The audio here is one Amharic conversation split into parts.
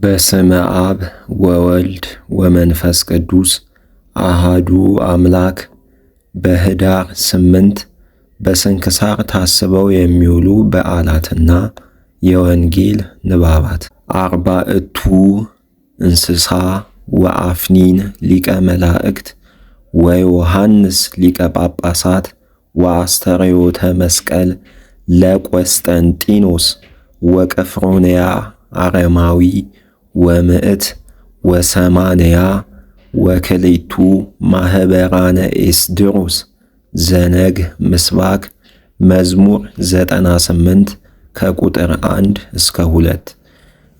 በስመ አብ ወወልድ ወመንፈስ ቅዱስ አሃዱ አምላክ። በኅዳር ስምንት በስንክሳር ታስበው የሚውሉ በዓላትና የወንጌል ንባባት አርባዕቱ እንስሳ ወአፍኒን ሊቀ መላእክት ወዮሐንስ ሊቀ ጳጳሳት ወአስተርዮተ መስቀል ለቆስጠንጢኖስ ወቀፍሮንያ አረማዊ ወምዕት ወሰማንያ ወክልቱ ማኅበራነ ኤስድሮስ ዘነግ ምስባክ መዝሙር 98 ከቁጥር 1 እስከ 2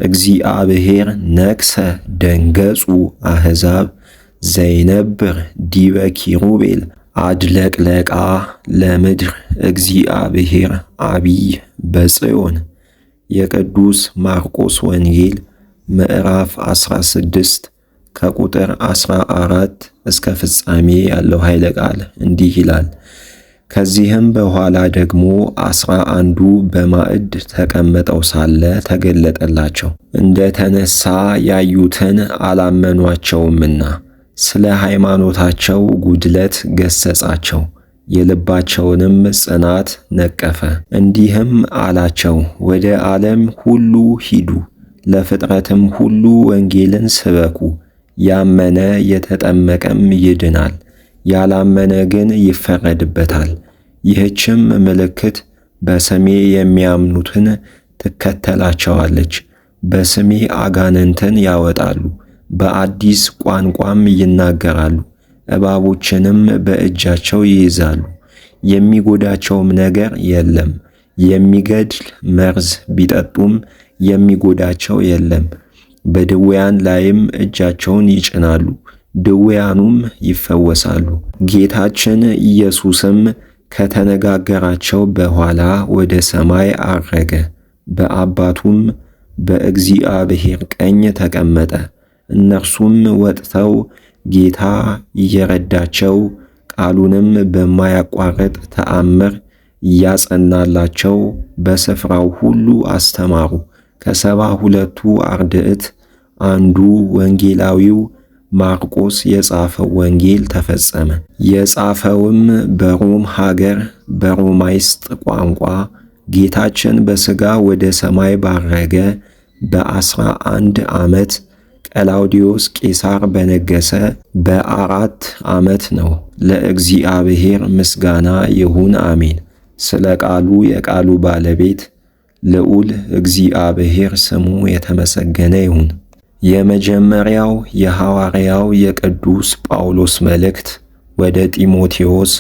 እግዚአብሔር ነክሰ ደንገጹ አሕዛብ ዘይነብር ዲበ ኪሩቤል አድለቅለቃ ለምድር እግዚአብሔር አቢይ በጽዮን የቅዱስ ማርቆስ ወንጌል ምዕራፍ 16 ከቁጥር 14 እስከ ፍጻሜ ያለው ኃይለ ቃል እንዲህ ይላል። ከዚህም በኋላ ደግሞ አስራ አንዱ በማዕድ ተቀምጠው ሳለ ተገለጠላቸው፣ እንደ ተነሳ ያዩትን አላመኗቸውምና ስለ ሃይማኖታቸው ጉድለት ገሰጻቸው፣ የልባቸውንም ጽናት ነቀፈ። እንዲህም አላቸው፣ ወደ ዓለም ሁሉ ሂዱ ለፍጥረትም ሁሉ ወንጌልን ስበኩ። ያመነ የተጠመቀም ይድናል፣ ያላመነ ግን ይፈረድበታል። ይህችም ምልክት በስሜ የሚያምኑትን ትከተላቸዋለች። በስሜ አጋንንትን ያወጣሉ፣ በአዲስ ቋንቋም ይናገራሉ፣ እባቦችንም በእጃቸው ይይዛሉ። የሚጎዳቸውም ነገር የለም። የሚገድል መርዝ ቢጠጡም የሚጎዳቸው የለም። በድውያን ላይም እጃቸውን ይጭናሉ፣ ድውያኑም ይፈወሳሉ። ጌታችን ኢየሱስም ከተነጋገራቸው በኋላ ወደ ሰማይ አረገ፣ በአባቱም በእግዚአብሔር ቀኝ ተቀመጠ። እነርሱም ወጥተው ጌታ እየረዳቸው ቃሉንም በማያቋርጥ ተአምር እያጸናላቸው በስፍራው ሁሉ አስተማሩ። ከሰባ ሁለቱ አርድዕት አንዱ ወንጌላዊው ማርቆስ የጻፈው ወንጌል ተፈጸመ። የጻፈውም በሮም ሀገር በሮማይስጥ ቋንቋ ጌታችን በሥጋ ወደ ሰማይ ባረገ በአስራ አንድ ዓመት ቀላውዲዮስ ቄሳር በነገሰ በአራት ዓመት ነው። ለእግዚአብሔር ምስጋና ይሁን አሜን። ስለ ቃሉ የቃሉ ባለቤት ልዑል እግዚአብሔር ስሙ የተመሰገነ ይሁን። የመጀመሪያው የሐዋርያው የቅዱስ ጳውሎስ መልእክት ወደ ጢሞቴዎስ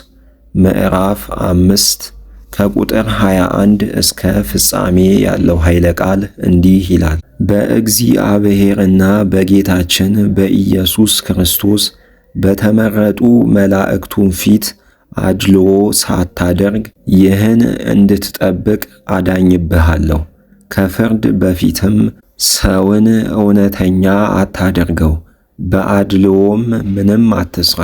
ምዕራፍ አምስት ከቁጥር 21 እስከ ፍጻሜ ያለው ኃይለ ቃል እንዲህ ይላል። በእግዚአብሔርና በጌታችን በኢየሱስ ክርስቶስ በተመረጡ መላእክቱን ፊት አድሎ ሳታደርግ ይህን እንድትጠብቅ አዳኝብሃለሁ። ከፍርድ በፊትም ሰውን እውነተኛ አታደርገው፣ በአድልዎም ምንም አትስራ።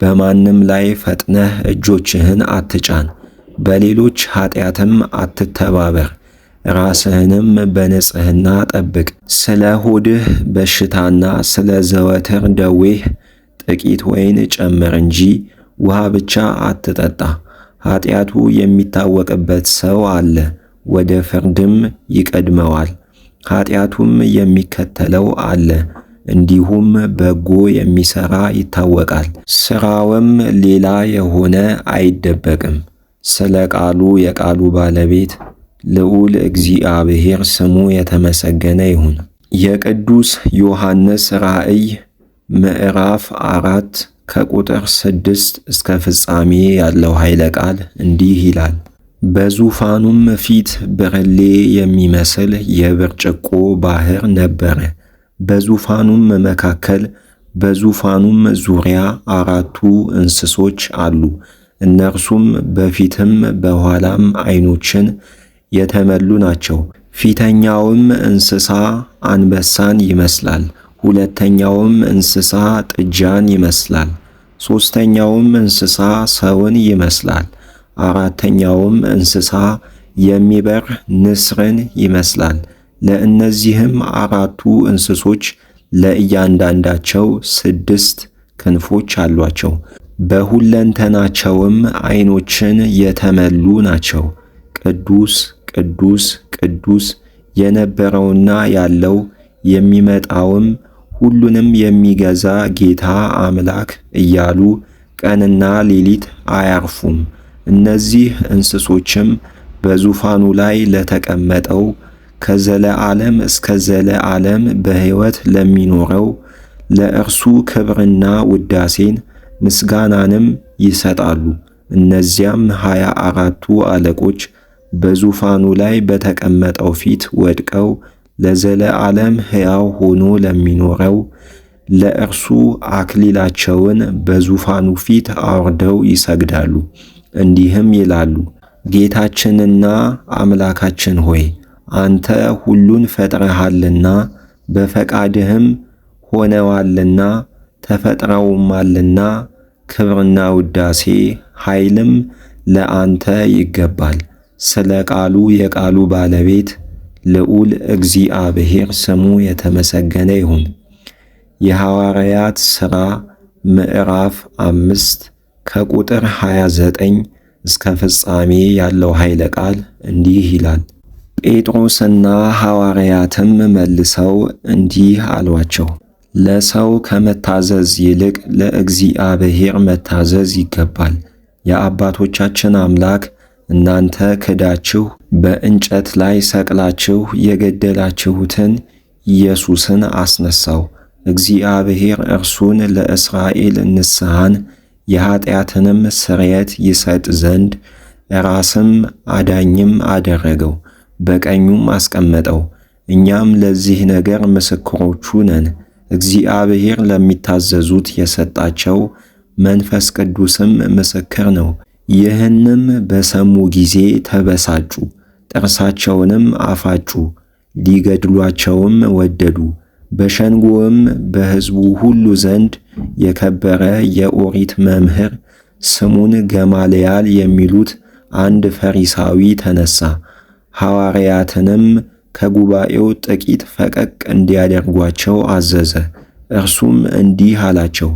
በማንም ላይ ፈጥነህ እጆችህን አትጫን፣ በሌሎች ኃጢአትም አትተባበር። ራስህንም በንጽህና ጠብቅ። ስለ ሆድህ በሽታና ስለ ዘወትር ደዌህ ጥቂት ወይን ጨምር እንጂ ውሃ ብቻ አትጠጣ፣ ኃጢአቱ የሚታወቅበት ሰው አለ፣ ወደ ፍርድም ይቀድመዋል፣ ኃጢአቱም የሚከተለው አለ። እንዲሁም በጎ የሚሠራ ይታወቃል፣ ሥራውም ሌላ የሆነ አይደበቅም። ስለ ቃሉ የቃሉ ባለቤት ልዑል እግዚአብሔር ስሙ የተመሰገነ ይሁን። የቅዱስ ዮሐንስ ራእይ ምዕራፍ አራት ከቁጥር ስድስት እስከ ፍጻሜ ያለው ኃይለ ቃል እንዲህ ይላል። በዙፋኑም ፊት ብርሌ የሚመስል የብርጭቆ ባህር ነበረ። በዙፋኑም መካከል በዙፋኑም ዙሪያ አራቱ እንስሶች አሉ። እነርሱም በፊትም በኋላም ዓይኖችን የተመሉ ናቸው። ፊተኛውም እንስሳ አንበሳን ይመስላል። ሁለተኛውም እንስሳ ጥጃን ይመስላል። ሦስተኛውም እንስሳ ሰውን ይመስላል። አራተኛውም እንስሳ የሚበር ንስርን ይመስላል። ለእነዚህም አራቱ እንስሶች ለእያንዳንዳቸው ስድስት ክንፎች አሏቸው። በሁለንተናቸውም ዐይኖችን የተመሉ ናቸው። ቅዱስ ቅዱስ ቅዱስ የነበረውና ያለው የሚመጣውም ሁሉንም የሚገዛ ጌታ አምላክ እያሉ ቀንና ሌሊት አያርፉም። እነዚህ እንስሶችም በዙፋኑ ላይ ለተቀመጠው ከዘለ ዓለም እስከ ዘለ ዓለም በሕይወት ለሚኖረው ለእርሱ ክብርና ውዳሴን ምስጋናንም ይሰጣሉ። እነዚያም ሃያ አራቱ አለቆች በዙፋኑ ላይ በተቀመጠው ፊት ወድቀው ለዘለዓለም ሕያው ሆኖ ለሚኖረው ለእርሱ አክሊላቸውን በዙፋኑ ፊት አውርደው ይሰግዳሉ፣ እንዲህም ይላሉ። ጌታችንና አምላካችን ሆይ አንተ ሁሉን ፈጥረሃልና በፈቃድህም ሆነዋልና ተፈጥረውማልና ክብርና ውዳሴ ኃይልም ለአንተ ይገባል። ስለ ቃሉ የቃሉ ባለቤት ልዑል እግዚአብሔር ስሙ የተመሰገነ ይሁን። የሐዋርያት ሥራ ምዕራፍ አምስት ከቁጥር 29 እስከ ፍጻሜ ያለው ኃይለ ቃል እንዲህ ይላል። ጴጥሮስና ሐዋርያትም መልሰው እንዲህ አሏቸው፣ ለሰው ከመታዘዝ ይልቅ ለእግዚአብሔር መታዘዝ ይገባል። የአባቶቻችን አምላክ እናንተ ክዳችሁ በእንጨት ላይ ሰቅላችሁ የገደላችሁትን ኢየሱስን አስነሳው! እግዚአብሔር እርሱን ለእስራኤል ንስሐን የኀጢአትንም ስርየት ይሰጥ ዘንድ ራስም አዳኝም አደረገው፣ በቀኙም አስቀመጠው። እኛም ለዚህ ነገር ምስክሮቹ ነን። እግዚአብሔር ለሚታዘዙት የሰጣቸው መንፈስ ቅዱስም ምስክር ነው። ይህንም በሰሙ ጊዜ ተበሳጩ። ጥርሳቸውንም አፋጩ፣ ሊገድሏቸውም ወደዱ። በሸንጎም በሕዝቡ ሁሉ ዘንድ የከበረ የኦሪት መምህር ስሙን ገማልያል የሚሉት አንድ ፈሪሳዊ ተነሣ። ሐዋርያትንም ከጉባኤው ጥቂት ፈቀቅ እንዲያደርጓቸው አዘዘ። እርሱም እንዲህ አላቸው፣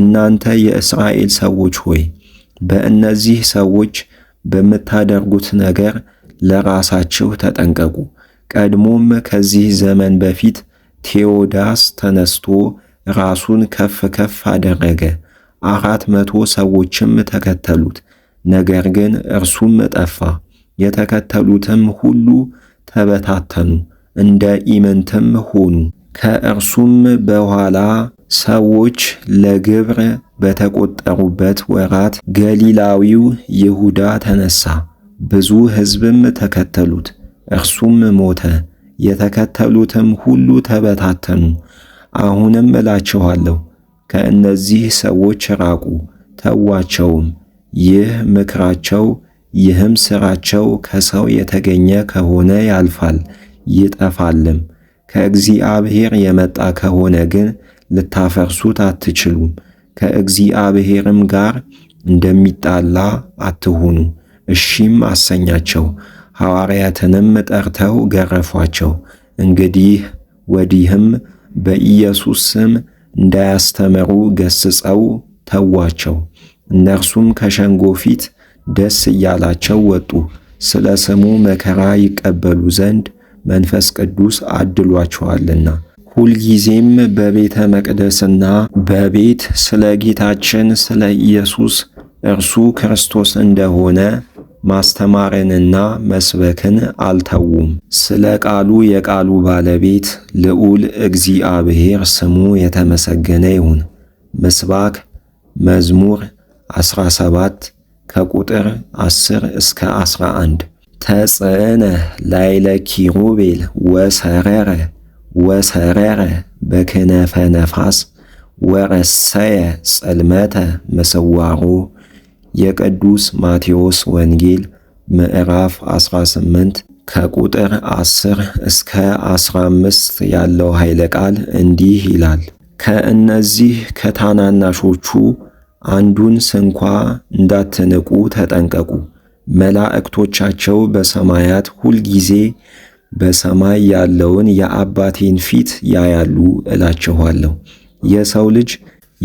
እናንተ የእስራኤል ሰዎች ሆይ በእነዚህ ሰዎች በምታደርጉት ነገር ለራሳቸው ተጠንቀቁ። ቀድሞም ከዚህ ዘመን በፊት ቴዎዳስ ተነስቶ ራሱን ከፍ ከፍ አደረገ፣ አራት መቶ ሰዎችም ተከተሉት። ነገር ግን እርሱም ጠፋ፣ የተከተሉትም ሁሉ ተበታተኑ፣ እንደ ኢምንትም ሆኑ። ከእርሱም በኋላ ሰዎች ለግብር በተቆጠሩበት ወራት ገሊላዊው ይሁዳ ተነሳ። ብዙ ሕዝብም ተከተሉት። እርሱም ሞተ፣ የተከተሉትም ሁሉ ተበታተኑ። አሁንም እላችኋለሁ ከእነዚህ ሰዎች ራቁ፣ ተዋቸውም። ይህ ምክራቸው ይህም ሥራቸው ከሰው የተገኘ ከሆነ ያልፋል ይጠፋልም። ከእግዚአብሔር የመጣ ከሆነ ግን ልታፈርሱት አትችሉም። ከእግዚአብሔርም ጋር እንደሚጣላ አትሁኑ። እሺም አሰኛቸው። ሐዋርያትንም ጠርተው ገረፏቸው። እንግዲህ ወዲህም በኢየሱስ ስም እንዳያስተምሩ ገስጸው ተዋቸው። እነርሱም ከሸንጎ ፊት ደስ እያላቸው ወጡ። ስለ ስሙ መከራ ይቀበሉ ዘንድ መንፈስ ቅዱስ አድሏቸዋልና። ሁልጊዜም በቤተ መቅደስና በቤት ስለ ጌታችን ስለ ኢየሱስ እርሱ ክርስቶስ እንደሆነ ማስተማርንና መስበክን አልተውም። ስለ ቃሉ የቃሉ ባለቤት ልዑል እግዚአብሔር ስሙ የተመሰገነ ይሁን። ምስባክ መዝሙር 17 ከቁጥር 10 እስከ 11 ተጽዕነ ላይለ ኪሩቤል ወሰረረ ወሰረረ በክነፈ ነፋስ ወረሰየ ጸልመተ ምስዋሮ የቅዱስ ማቴዎስ ወንጌል ምዕራፍ 18 ከቁጥር 10 እስከ 15 ያለው ኃይለ ቃል እንዲህ ይላል። ከእነዚህ ከታናናሾቹ አንዱን ስንኳ እንዳትንቁ ተጠንቀቁ። መላእክቶቻቸው በሰማያት ሁልጊዜ በሰማይ ያለውን የአባቴን ፊት ያያሉ እላችኋለሁ። የሰው ልጅ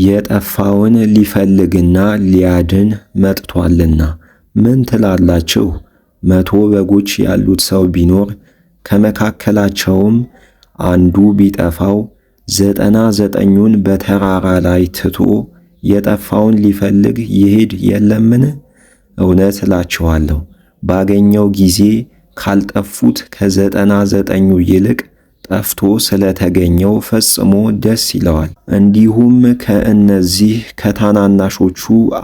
የጠፋውን ሊፈልግና ሊያድን መጥቷልና ምን ትላላችሁ? መቶ በጎች ያሉት ሰው ቢኖር ከመካከላቸውም አንዱ ቢጠፋው ዘጠና ዘጠኙን በተራራ ላይ ትቶ የጠፋውን ሊፈልግ ይሄድ የለምን? እውነት እላችኋለሁ ባገኘው ጊዜ ካልጠፉት ከዘጠና ዘጠኙ ይልቅ ጠፍቶ ስለተገኘው ፈጽሞ ደስ ይለዋል። እንዲሁም ከእነዚህ ከታናናሾቹ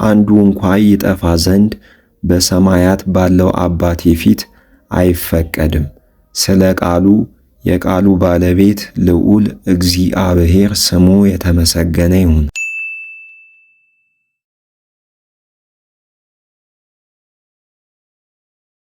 አንዱ እንኳ ይጠፋ ዘንድ በሰማያት ባለው አባቴ ፊት አይፈቀድም። ስለ ቃሉ የቃሉ ባለቤት ልዑል እግዚአብሔር ስሙ የተመሰገነ ይሁን።